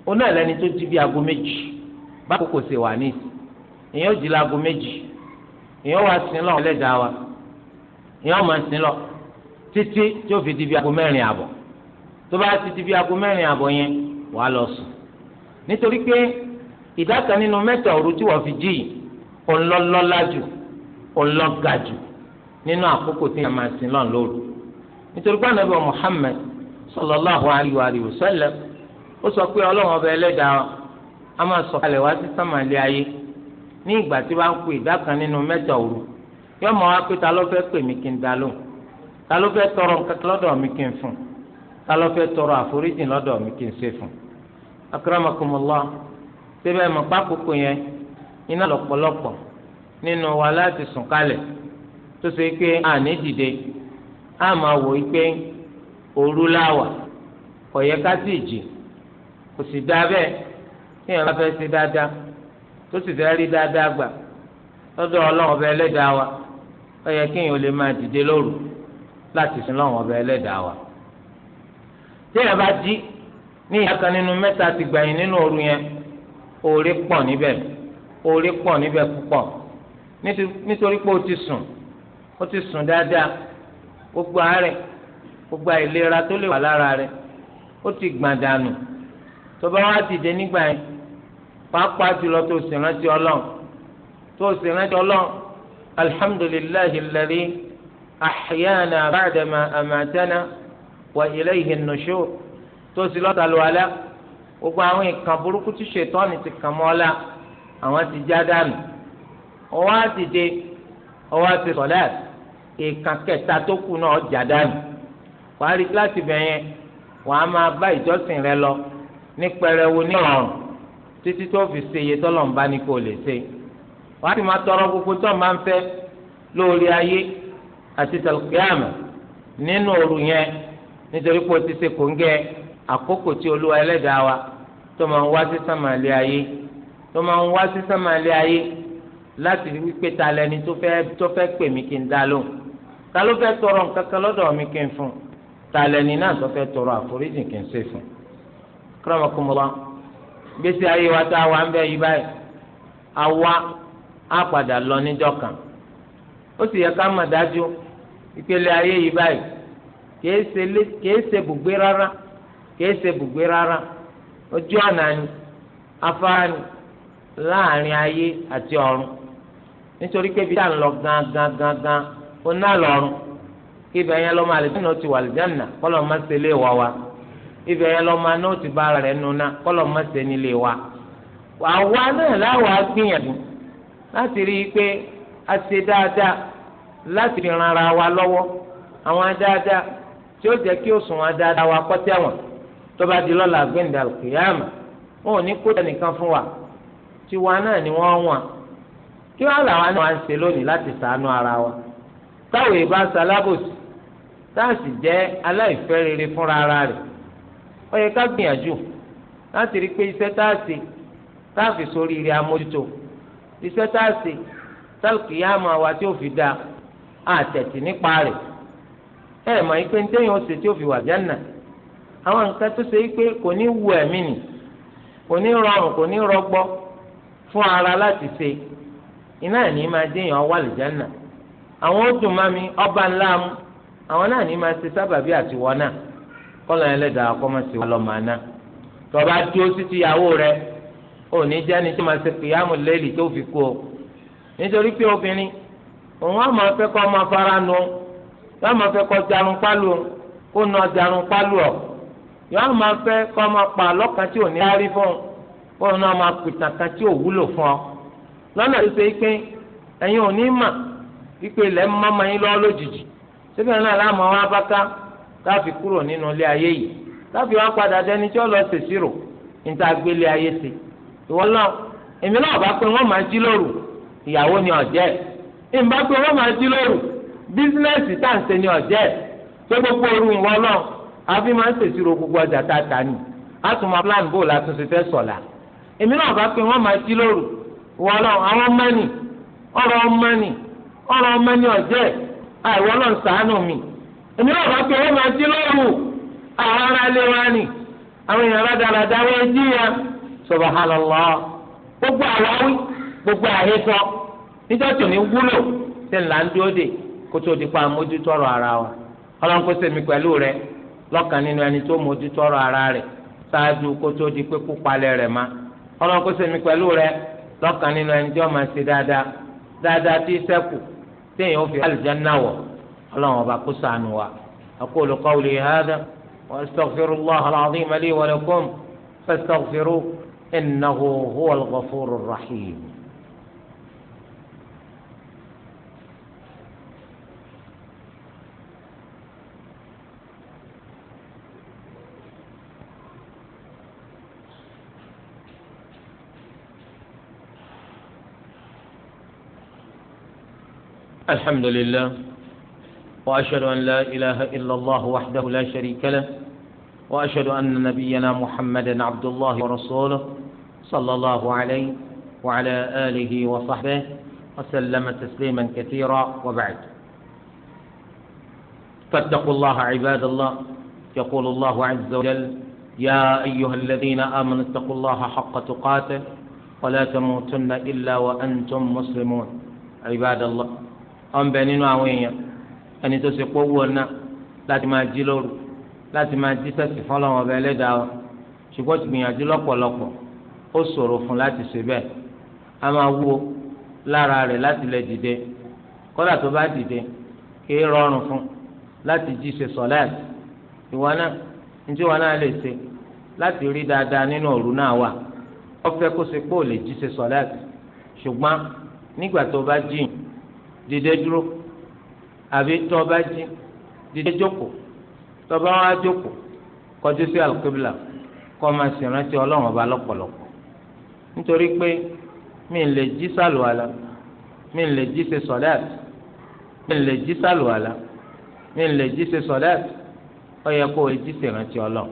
òun náà lẹni tó jí bí aago méjì báwo kò ṣe wà ní ìsìn èèyàn ò jí láago méjì èèyàn wá sin lọ ẹlẹ́dàá wa èèyàn máa sin lọ títí tí ó fi di bí aago mẹ́rin àbọ̀ tó bá ti di bí aago mẹ́rin àbọ̀ yẹn wàá lọ sùn nítorí pé idaka kan nínú mẹ́ta ti tí wọ́n fi jí yìí ọlọ́lọ́lá jù nínú àkókò tí máa sin lóru nítorí pé sallallahu alayhi wa sallam ó sọ pé ọlọ́run ọba ẹlẹ́dàá a máa sọ kalẹ̀ wá sí sàmàlẹ́ ayé ní ìgbà tí wọ́n á n lóhùn ta ló fẹ́ tọrọ nǹkan lọ́dọ̀ mi kí n fún ta ló fẹ́ tọrọ àforíjì lọ́dọ̀ akramakumullah síbẹ̀ mọ̀ pákókò yẹn iná lọ́pọ̀lọpọ̀ nínú wa láti sùn kalẹ̀ tó ṣe pé àní dìde á a wò ó pé òru láwà kò yẹ ká sì jì kò sì dá bẹ́ẹ̀ tí èèyàn bá fẹ́ ṣe dáadáa tó sì fẹ́ rí dáadáa gbà lọ́dọ̀ ọlọ́run ọba ẹlẹ́dàá wa ó yẹ kí èèyàn lè máa dìde lóru láti sin lọ́run ọba ẹlẹ́dàá wa tí èèyàn bá jí ní ìyá kan nínú mẹ́ta ti gbẹ̀yìn nínú òru yẹn oore pọ̀ níbẹ̀ oore pọ̀ níbẹ̀ púpọ̀ nítorí pé o ti sùn o ti sùn dáadáa gbogbo àárẹ̀ gbogbo àìlera tó lè wà lára rẹ̀ ó ti gbọ̀n dànù tó bá wá dìde nígbà yẹn pàápàá jùlọ tó sì rántí ọlọ́run tó sì rántí ọlọ́run alhamdulillahi alladhi ahyana ba'dama amatana wa ilayhi an tó sì lọ́ta lu alẹ́ gbogbo àwọn nǹkan burúkú tí ṣètọ́ni ti kàn mọ́ ọ́lá àwọn ti já dànù ọwọ́ àtìdé ọwọ́ àti sọ̀lẹ́ ìkan kẹta tó kù náà já dànù wàá rí kíláàsì bẹ̀yẹn wàá máa bá ìjọsìn rẹ lọ ní pẹrẹwu ní ọrùn títí tó fi ṣe iye tọ́lọ̀ ń bá ní kó lè ṣe wàá sì máa tọrọ gbogbo tó máa ń fẹ́ lórí ayé àti tàlùkìyàmù nínú òru yẹn nítorí pé o ti ṣe kòńgẹ́ àkókò tí olúwa ẹlẹ́dàá wa tó máa ń wá sí sàmàlẹ́ ayé tó máa ń wá sí sàmàlẹ́ ayé láti rí wípé ta lẹni tó fẹ́ tó fẹ́ n dá lóhùn ta ló fẹ́ tọrọ nǹkan kan lọ́dọ̀ mi kí n fún ta lẹni náà tó fẹ́ tọrọ àforíjì kí n ṣe fún. gbèsè ayé wa tá a wà ń yí báyìí padà lọ níjọ́ kan ó sì yẹ ká mọ̀ dájú ìpele ayé yí báyìí ṣe kìí ṣe bùgbé rárá ojú ọ̀nà ni afárá ni láàrin ayé àti ọ̀run nítorí pé bíi àlọ́ gangan gangan ó ná lọ́run kí ibẹ̀ yẹn lọ́mọ àlùjáná ti wà àlùjáná kọ́lọ́ má ṣe lé wa wa ibẹ̀ yẹn lọ́mọ aná ti bá ara rẹ̀ nuna kọ́lọ́ má ṣe nílé wa àwa náà láwa gbìyànjú láti rí i pé a ṣe dáadáa láti fi ran ara wa lọ́wọ́ àwọn dáadáa tí ó jẹ́ kí òṣùwọ̀n dáadáa wa kọ́ tẹ̀wọ̀n tọ́ba di lọ́la gbẹ̀ndà kìyàmà wọn ò ní kó ẹnìkan fún wa tiwa náà ni wọ́n wà kí wọ́n làwọn náà wá ń ṣe lónìí láti sàánú ara wa táwọn ìbá salábòsì táàsì jẹ́ aláìfẹ́ rere fúnra ara rẹ̀ ó yẹ ká gbìyànjú láti rí i pé iṣẹ́ táàsì táàfì sórí ire amójútó iṣẹ́ táàsì tálùkìyàmà wa tí ó fi dáa àtẹ̀tì nípa rẹ̀ ẹ̀ mọ̀ ẹ́ pé ní téèyàn ó ṣe tí ó fi wà jẹ́ náà àwọn nǹkan tó ṣe pé kò ní wu ẹ̀mí nì kò ní rọrùn kò ní rọgbọ fún ara láti ṣe iná ní máa déèyàn wà lìjánà àwọn ó mami ọba ńlá mu àwọn náà ní máa ṣe sábàbí wọ náà kọ́lọ́ ẹlẹ́dàá kọ́mọ́sí wọn tọba tí ó sì ti yàwó tí ṣe kìyàmù lẹ́lì tó fi kú o nítorí pé obìnrin òun á máa fẹ́ kọ́ ọmọ afárá nu yóò máa fẹ́ kọ́ jarun pálù kó jarun pálù ọ̀ yọọ máa fẹ́ kọ máa pa lọkàn tí ò ní rárí fún ọ kó náà máa pìtàn kan tí ò wúlò fún ọ tó ṣe pé ní mà wípé ilẹ̀ kúrò nínú ilé ayé yìí wá padà dẹni tí ó lọ ṣèṣirò níta gbélé ayé náà èmi náà bá pé wọ́n máa jí lóru ìyàwó ni ọ̀jẹ́ ìmọ̀ pé wọ́n máa jí lóru bísínẹ́sì àfi máa ń ṣèṣirò gbogbo ọjà tá a tà ní àtúmọ̀ plan bọọlụ láti ṣe fẹ́ sọ̀la èmi náà bá pé wọ́n máa ti lóru wọ́n lọ àwọn mẹ́ni ọ̀rọ̀ mẹ́ni ọ̀rọ̀ mẹ́ni ọ̀jẹ́ àìwọ́ náà sàánù mi èmi náà bá pé wọ́n máa ti lóru àwọn ará lé wa ni àwọn èèyàn rádaràdà wọ́n jí ya gbogbo àwáwí gbogbo àhesọ níjọ́ tó ní wúlò ṣe ńlá ń dúró dè lọ́kàn nínú ẹni tó mójútó ọ̀rọ̀ ara rẹ̀ ṣáájú kó tó di pé kúpalẹ̀ rẹ̀ ma ọlọ́run kó sèmi pẹ̀lú rẹ̀ lọ́kàn nínú ẹni tí wọ́n máa ṣe dáadáa dáadáa tí sẹ́kù téèyàn ó fi àlùjánnà wọ̀ ọlọ́run ọba kó ṣàánú wa aqulu qawli hadha wa astaghfirullaha al-azima li wa lakum fastaghfiruhu innahu huwal ghafurur rahim. الحمد لله واشهد ان لا اله الا الله وحده لا شريك له واشهد ان نبينا محمدا عبد الله ورسوله صلى الله عليه وعلى اله وصحبه وسلم تسليما كثيرا وبعد فاتقوا الله عباد الله يقول الله عز وجل يا ايها الذين امنوا اتقوا الله حق تقاته ولا تموتن الا وانتم مسلمون عباد الله ọ̀nbẹ nínú àwọn èèyàn ẹni tó ṣe pé owó ọ̀nà láti máa jí lóru láti máa jí sẹ́sì fọlọ́wọn ọbẹ̀ ẹlẹ́dàá ọ ṣùgbọ́n ti gbìyànjú lọ́pọ̀lọpọ̀ ó ṣòro fún láti ṣe bẹ́ẹ̀ a máa wúwo lára rẹ̀ láti lè dìde kódà tó bá dìde kì í rọrùn fún láti jí ṣe sọ̀láàtì ìwọ náà njẹ wọn náà lè ṣe láti rí dáadáa nínú òru náà wà ọfẹ kó ṣe pé ò lè jí ṣe dìde dúró àbí tó bá jí dìde jókòó tó bá wá jókòó kọjú sí alùkébìlà kó máa sì rántí ọlọ́run ọba lọ́pọ̀lọpọ̀ nítorí pé mi lè jí sàlùwàlà mi lè jí ṣe sọ̀dáàtì mi lè jí sàlùwàlà mi lè jí ṣe sọ̀dáàtì ó yẹ kó o lè jí ṣe ìrántí ọlọ́run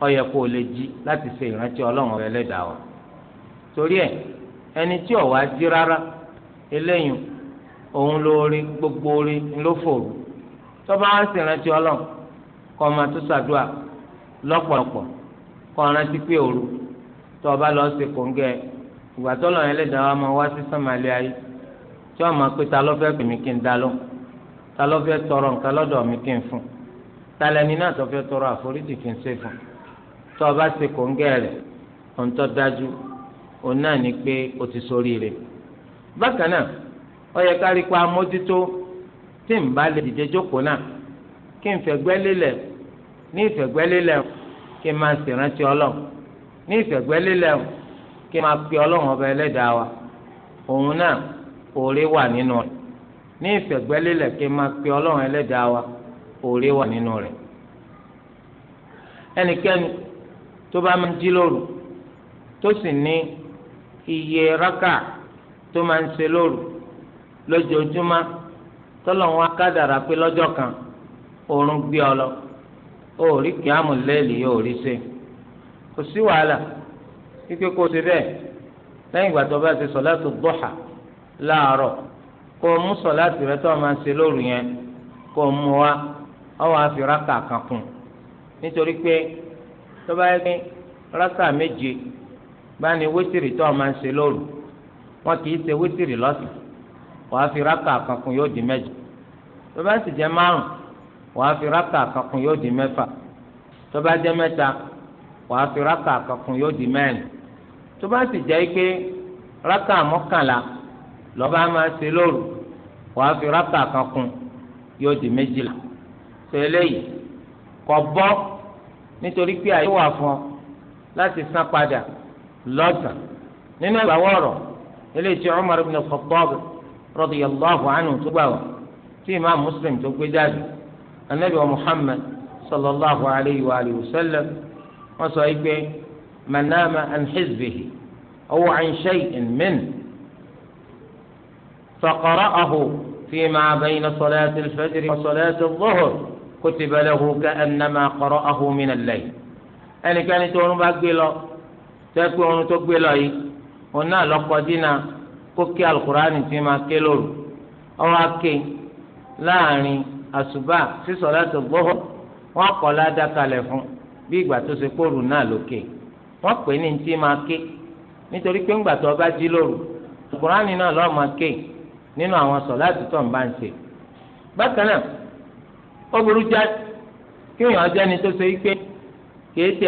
ó kó o lè jí láti ṣe ìrántí ọlọ́run ọba ẹlẹ́dàá wa torí ẹ ẹni tí ó wá jí rárá eléyìí òun lórí gbogbo orí ló fòrò tọ́ba wá sí ìrántí ọlọ́run kọ́ máa tó ṣàdúrà lọ́pọ̀lọpọ̀ kọ́ rántí pé òru tọ́ba lọ sí kòńgẹ́ ìgbà tó lọ́yìn ẹlẹ́dàá wa máa wá sí sàmàlẹ́ ayé tí wọ́n máa pé ta ló fẹ́ pè mí kí n dá lọ ta ló fẹ́ tọrọ nǹkan lọ́dọ̀ mi kí n fún ta lẹni náà tó tọrọ àforíjì kí n ṣe fún tọ́ba sí kòńgẹ́ rẹ̀ òun dájú òun náà ní pé o ti sórí rẹ̀ bákan náà ó yẹ ká rí pa mójútó tí n bá lè dìde jókòó náà kí n fẹ̀gbẹ́ lélẹ̀ ní ìfẹ̀gbẹ́ lélẹ̀ kí n máa ṣèrántí ọlọ́run ní ìfẹ̀gbẹ́ lélẹ̀ kí n máa pe ọlọ́run ọba ẹlẹ́dàá wa òun náà òòrè wà nínú rẹ̀ ní ìfẹ̀gbẹ́ lélẹ̀ kí n máa pe ọlọ́run ẹlẹ́dàá wa òòrè wà nínú rẹ̀ ẹnikẹ́ni tó bá máa ń jí lóru tó sì ní iye rákà tó máa ń ṣe lóru lójoojúmọ́ tọ́lọ́run wá kádàrá pé lọ́jọ́ kan oorun gbé ọ lọ ó rí kíámù lẹ́ẹ̀lì yóò rí ṣe kò sí wàhálà kíkẹ́ kó ṣe bẹ́ẹ̀ lẹ́yìn ìgbà tó bá ṣe láàárọ̀ kó o mú o máa ṣe lóru yẹn kó o mú wa ọ fi rákà kan kún nítorí pé tó bá yẹ kí rákà méje bá ní tó o máa ṣe lóru wọn kì í ṣe wàá fi rákà kan kún yóò di mẹ́jọ tó bá sì jẹ́ márùn wàá fi rákà kan kún yóò di mẹ́fà tó bá jẹ́ mẹ́ta wàá fi rákà kan kún yóò di mẹ́rin tó bá sì jẹ́ pé rákà mọ́kànlá lọ́ba máa ṣe lóru wàá fi rákà kan kún yóò di méjìlá tó eléyìí kò bọ́ nítorí pé àyè wà fún ọ láti san padà lọ́sàn nínú ìgbàwọ̀rọ̀ eléyìí tí Umar ibn Khattab. radiyallahu anhu tó gbà wá tí imam muslim tó gbé jáde anabi wa muhammad sallallahu alayhi wa alihi wa sallam wọn sọ yìí pé manama an hizbihi aw an shay'in min faqara'ahu فيما بين صلاة الفجر وصلاة الظهر كتب له كأنما قرأه من الليل ẹnikẹ́ni tó ń bá gbé lọ tẹ́kù ọ̀run tó gbé lọ yìí òun náà lọ́kọ́ dínà kó alukurani tí ma ké lóru ọwọ́ ake láàrin àṣùbà sí sọ̀láàtì gbọ́họ́ wọn kọ́ ládàkalẹ̀ fún bí ìgbà tó ṣe kóòrù náà lókè wọn pè ní tí ma ké nítorí pé ńgbà tó jí lóru alukurani náà lọ́ọ́ ma ké nínú àwọn tó ń bá ń ṣe bákan náà ó burú já kí èèyàn tó ṣe wípé kì í ti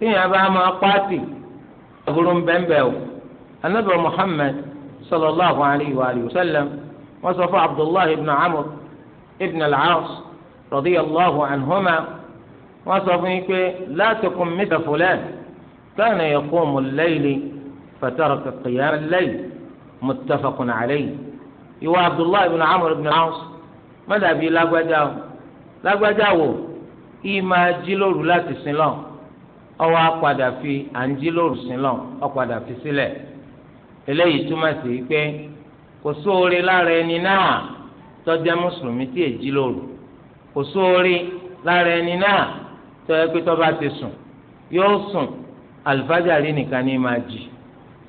tíyẹn bá máa pàtì àbúrò ń bẹ́ńbẹ́ o anabi muhammed sallallahu alayhi wa sallam wọ́n sọ fún abdullahi ibn amr ibn al-aas radiyallahu anhuma wọ́n sọ fún yín pé la takun mithla fulan kana yaqumu al-layli fataraka qiyam al-layl muttafaqun alayhi ìwọ abdullahi ibn amr ibn al-aas mọ́dàbí lágbájá o lágbájá wo ìmáa jí láti sin lọ́wọ́. ọwọ́ apàdà fi àǹjí sílọ̀ ọ̀padà fi sílẹ̀ eléyìí túmọ̀ sí pé kò sóore lára ẹni náà tó mùsùlùmí tí èjì lóru kò sóore lára ẹni náà tó yẹ pé tó ti sùn yóò sùn àlùfájàrí nìkan ní máa jì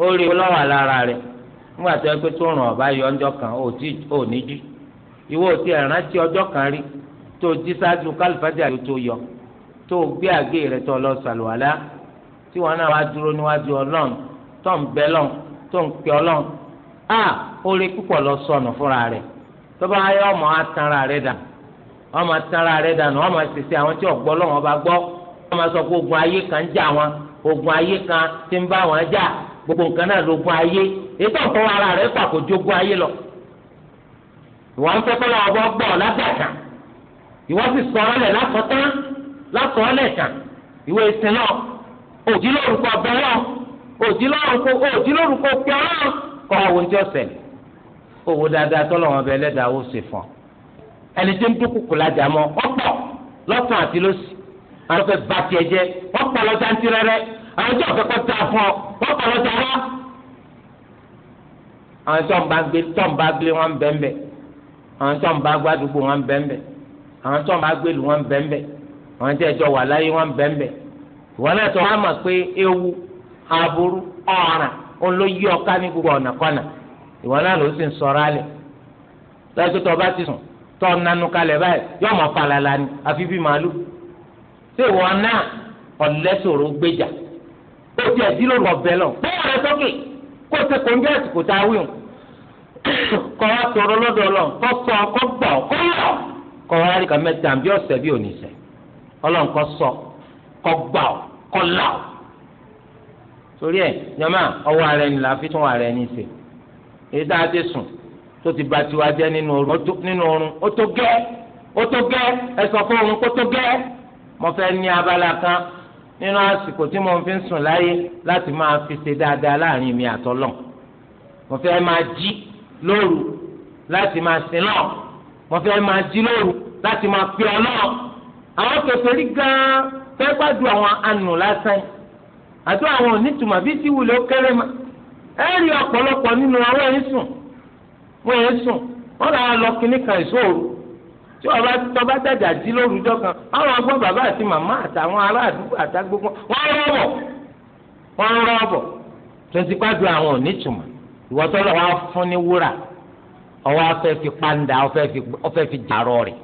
ó rí lọ́wọ́ lára rẹ̀ nígbà tó pé tó ràn ọ̀bá yọ ọjọ́ kan ò ní jí ìwọ ò ti ẹ̀rántí ọjọ́ kan rí tó jí ṣáájú kálífájàrí tó yọ. tó o gbé àgé rẹ tó lọ sàlùwàlá tí wọn náà wá dúró níwájú ọlọ́run tó ń bẹ lọ́n tó ń pè a orí púpọ̀ lọ sọnù fúnra rẹ̀ tó bá ọmọ atanra rẹ̀ dànù ọmọ atanra rẹ̀ dànù ọmọ àṣìṣe àwọn tí ọ̀gbọ́ lọ́wọ́ bá ọmọ sọ pé ogun ayé kan jà wọn ogun ayé kan ti ń bá wọn jà gbogbo nǹkan náà lógun ayé ètò ara rẹ̀ fà kó jogún ayé lọ ìwọ ń fẹ́ kọ́ lọ́wọ́ gbọ́ ìwọ sì sọ ọ́ lásọ̀ọ́lẹ̀ kan ìwé ìsìn náà òdì lórúkọ ọbẹ̀ náà òdì lórúkọ òdì lórúkọ pé ọlọ́run kọ́ owó tí ó ṣẹlẹ̀ owó dáadáa tọ́lọ̀ wọn bẹ ẹlẹ́dàá ó ṣe fún ọ ẹni tí ń dúkùkù lájà mọ́ ọ̀pọ̀ lọ́tún àti lọ́sì àwọn fẹ́ bá tiẹ̀ jẹ́ ọ̀pọ̀ lọ́tà ń tirẹ̀rẹ̀ àwọn tí ọ̀fẹ́ kọ́ ta fún ọ ọ̀pọ̀ lọ́tà wá àwọn tí wọn bá gbé tí wọn bá gbé wọn bẹ́ẹ̀ bẹ́ẹ̀ àwọn tí wọn bá gbádùgbò wọn bẹ́ẹ̀ bẹ́ẹ̀ àwọn tí wọn bá gbélu wọn bẹ́ẹ̀ bẹ́ẹ̀ àwọn tí ẹjọ́ wà láyé wọn bẹ́ẹ̀nbẹ́ẹ́ ìwọ náà tó mà pé ewu aburú ọ̀ràn òun ló yí ọká ní gbogbo ọ̀nà ni àfi bí màálù ṣé ìwọ náà ọ̀lẹ́sọ̀rọ̀ gbéjà ó ti ẹ̀dí ló bẹ́ẹ̀ lọ bẹ́ẹ̀ rẹ kó ṣe ń àsìkò tá a wí hùn kọ́ tọrọ lọ́dọ̀ ọlọ́run kọ́ sọ kọ́ gbọ̀ ọlọ́run kọ́ sọ kọ́ gbà ọ́ kọ́ là ọ́ torí ẹ̀ jọ̀mọ́ ọwọ́ ara ẹni là á fi tún ara ẹni ṣe èyí tá a ti sùn tó ti ba tiwa jẹ́ nínú oorun ó tó gẹ́ ó tó gẹ́ ẹ sọ fún oorun kó tó gẹ́ mo fẹ́ ní abala kan nínú àsìkò tí mo fi ń sùn láyé láti máa fi ṣe dáadáa láàrin mi àtọ́lọ́ mo fẹ́ máa jí lóru láti máa sin lọ́ọ̀ mo fẹ́ máa jí lóru láti máa pè ọ́ lọ́ọ̀. àwọn keferi gan-an fẹ́ gbádùn àwọn anù lásán àti àwọn onítùmọ̀ bíi ti wùlé ma ẹ rí ọ̀pọ̀lọpọ̀ nínú àwọn èyí sùn wọ́n èyí sùn wọ́n làwọn lọ kíní kan ìṣòro tí dàjà dí kan àwọn agbọ́n bàbá àti màmá àtàwọn ará àdúgbò àtàgbogbo wọ́n rọ́bọ̀ wọ́n rọ́bọ̀ tuntun gbádùn àwọn onítùmọ̀ ìwọ́tọ́lọ́ wa fún ní wúrà ọwọ́ afẹ́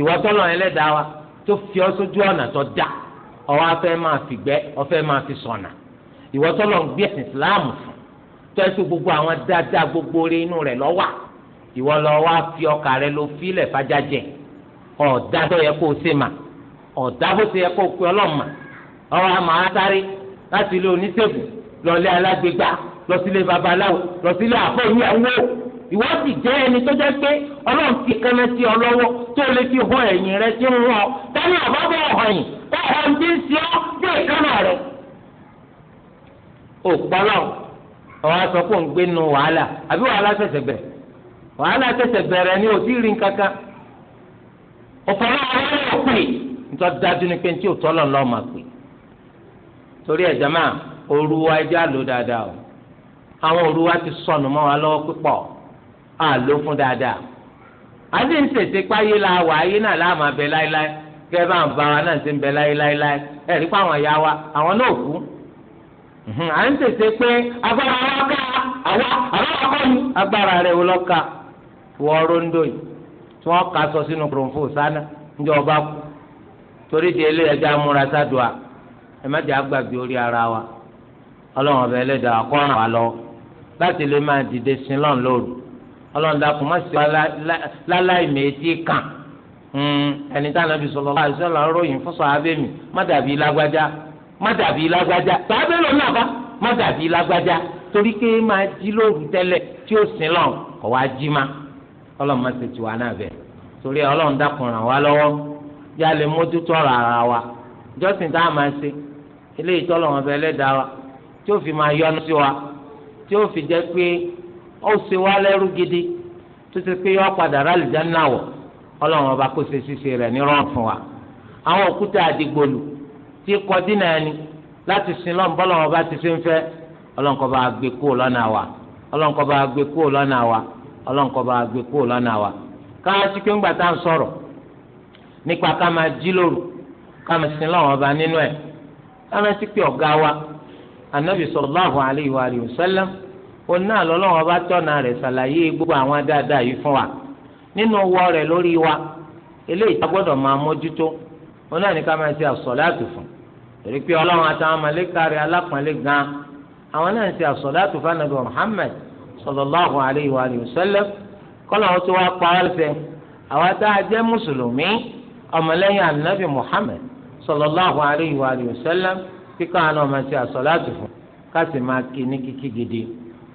ìwọ tọ́lọ̀ ẹlẹ́dàá wa tó fi ọ sójú ọ̀nà tó dá ọwọ́ afẹ́ máa fi gbẹ́ ọfẹ́ máa fi sọ̀nà ìwọ tọ́lọ̀ ń gbé ẹ̀sìn ìsìláàmù fún tó ẹ̀sùn gbogbo àwọn dáadáa gbogbo orí inú rẹ̀ lọ́wà ìwọ lọ wá fi ọkà rẹ ló filẹ̀ fàjájẹ ọ̀dà tó yẹ kó o ṣe mà ọ̀dà bó ṣe yẹ kó o pe ọlọ́mà ọwọ́ àmọ́ atáré láti ilé oníṣègùn lọ ilé lọ ìwọ sì jẹ́ ẹni tó jẹ́ pé ọlọ́run fi kẹ́nẹ́ sí ọ tó lè fi hàn ẹ̀yìn rẹ tí ń ọ ti ń sí ọ bí ìkánná rẹ. ọ̀hún aṣọ kò ń gbé nu wàhálà àbí wàhálà bẹ̀rẹ̀ wàhálà bẹ̀rẹ̀ ni ò tí ì rí ọ̀pọ̀lọ́ ọ̀hún yóò pè nítorí dájú ni pé ní tí ò tọ́lọ̀ a lò fún dáadáa a ti ń tètè páyé la wà ayé náà láàmú abẹ láéláé kẹ bá ń bá wa náà ti ń bẹ láéláéláé ẹ rí pa àwọn ìyá wa àwọn náà kú à ń tètè pé agbára wa ká àwa àwa kọ́ ni agbára rẹ̀ wọ́n rondo yìí tí kà sọ sínú kòròǹfò sánà ǹjẹ́ ọba kú torí di eléyà amúra sádùá ẹ má àgbàgbé orí ara wa ọlọ́run ọba ẹlẹ́dàá kọ́ ràn lọ láti lè máa dìde sílọ́ọ̀n lóru. ọlọ́run dàkú má sí wa láláì méjì kàn hmm, ẹni tí anabi sọlọ lọ àìsàn là ń ròyìn fún sàábẹ mi má dàbí lágbájá má dàbí lágbájá sàábẹ lọ náà bá má dàbí lágbájá torí pé máa jí lóru tẹ́lẹ̀ tí ó sin lọ kọ wá jí má ọlọ́run má ṣe tiwa náà bẹ torí ọlọ́run dàkú ràn wá lọ́wọ́ yá lè mójútó ọ̀rọ̀ ara wa jọ́sìn tá a máa ṣe eléyìí tọ́lọ̀ wọn bẹ lẹ́dàá wa tí ó fi máa yọ́nú sí wa tí ó fi jẹ́ pé ó ṣe wá lẹ́rú gidi tó ṣe pé yọ padà rà lìjánná wọ̀ ọlọ́run ọba kó ṣe ṣíṣe rẹ̀ ní fún wa àwọn òkúta àdìgbòlù tí kọ dínà ẹni láti sin lọ́n bọ́lọ́run ọba ti ṣe ń fẹ́ ọlọ́run gbé kúrò lọ́nà wa ọlọ́run kọ́ gbé wa ọlọ́run gbé wa pé ńgbà tá à ń sọ̀rọ̀ nípa ká ọba nínú ẹ̀ ká máa pé ọ̀gá wa anabi òun náà lọ́lọ́wọ́n bá tọ́nà rẹ̀ ṣàlàyé gbogbo àwọn dáadáa yìí fún wa nínú wọ rẹ̀ lórí wa eléyìí tá gbọ́dọ̀ máa mójútó òun náà ní ká máa ṣe àsọ̀láàtù fún torí pé ọlọ́run àtàwọn màlẹ́kà alápọ̀nlé gan àwọn náà ń ṣe àsọ̀láàtù fún anabi Muhammad sallallahu alayhi wa sallam kọ́lọ̀ wọn tó wá pa á àwọn tá a jẹ́ mùsùlùmí ọmọlẹ́yìn anabi Muhammad sallallahu alayhi wa sallam kíkọ́ àwọn ọmọ ṣe àsọ̀láàtù fún ká sì máa kí ní kíkí gidi.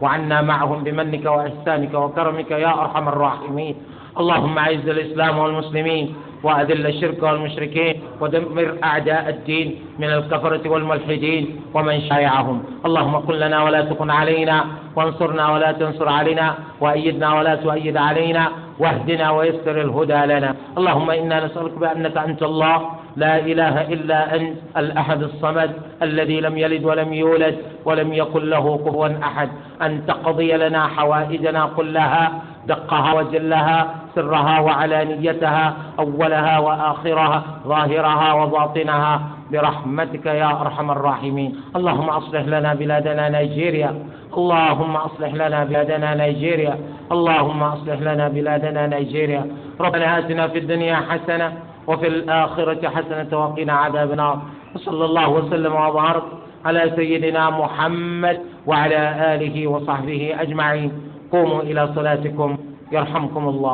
وعنا معهم بمنك وإحسانك وكرمك يا أرحم الراحمين اللهم أعز الإسلام والمسلمين وأذل الشرك والمشركين ودمر أعداء الدين من الكفرة والملحدين ومن شايعهم اللهم كن لنا ولا تكن علينا وانصرنا ولا تنصر علينا وأيدنا ولا تؤيد علينا واهدنا ويسر الهدى لنا اللهم إنا نسألك بأنك أنت الله لا إله إلا أنت الأحد الصمد الذي لم يلد ولم يولد ولم يكن له كفوا أحد أن تقضي لنا حوائجنا كلها دقها وجلها سرها وعلانيتها أولها وآخرها ظاهرها وباطنها برحمتك يا أرحم الراحمين اللهم أصلح لنا بلادنا نيجيريا اللهم أصلح لنا بلادنا نيجيريا اللهم أصلح لنا بلادنا نيجيريا ربنا آتنا في الدنيا حسنة وفي الآخرة حسنة وقنا عذاب النار وصلى الله وسلم وبارك على سيدنا محمد وعلى آله وصحبه أجمعين قوموا إلى صلاتكم يرحمكم الله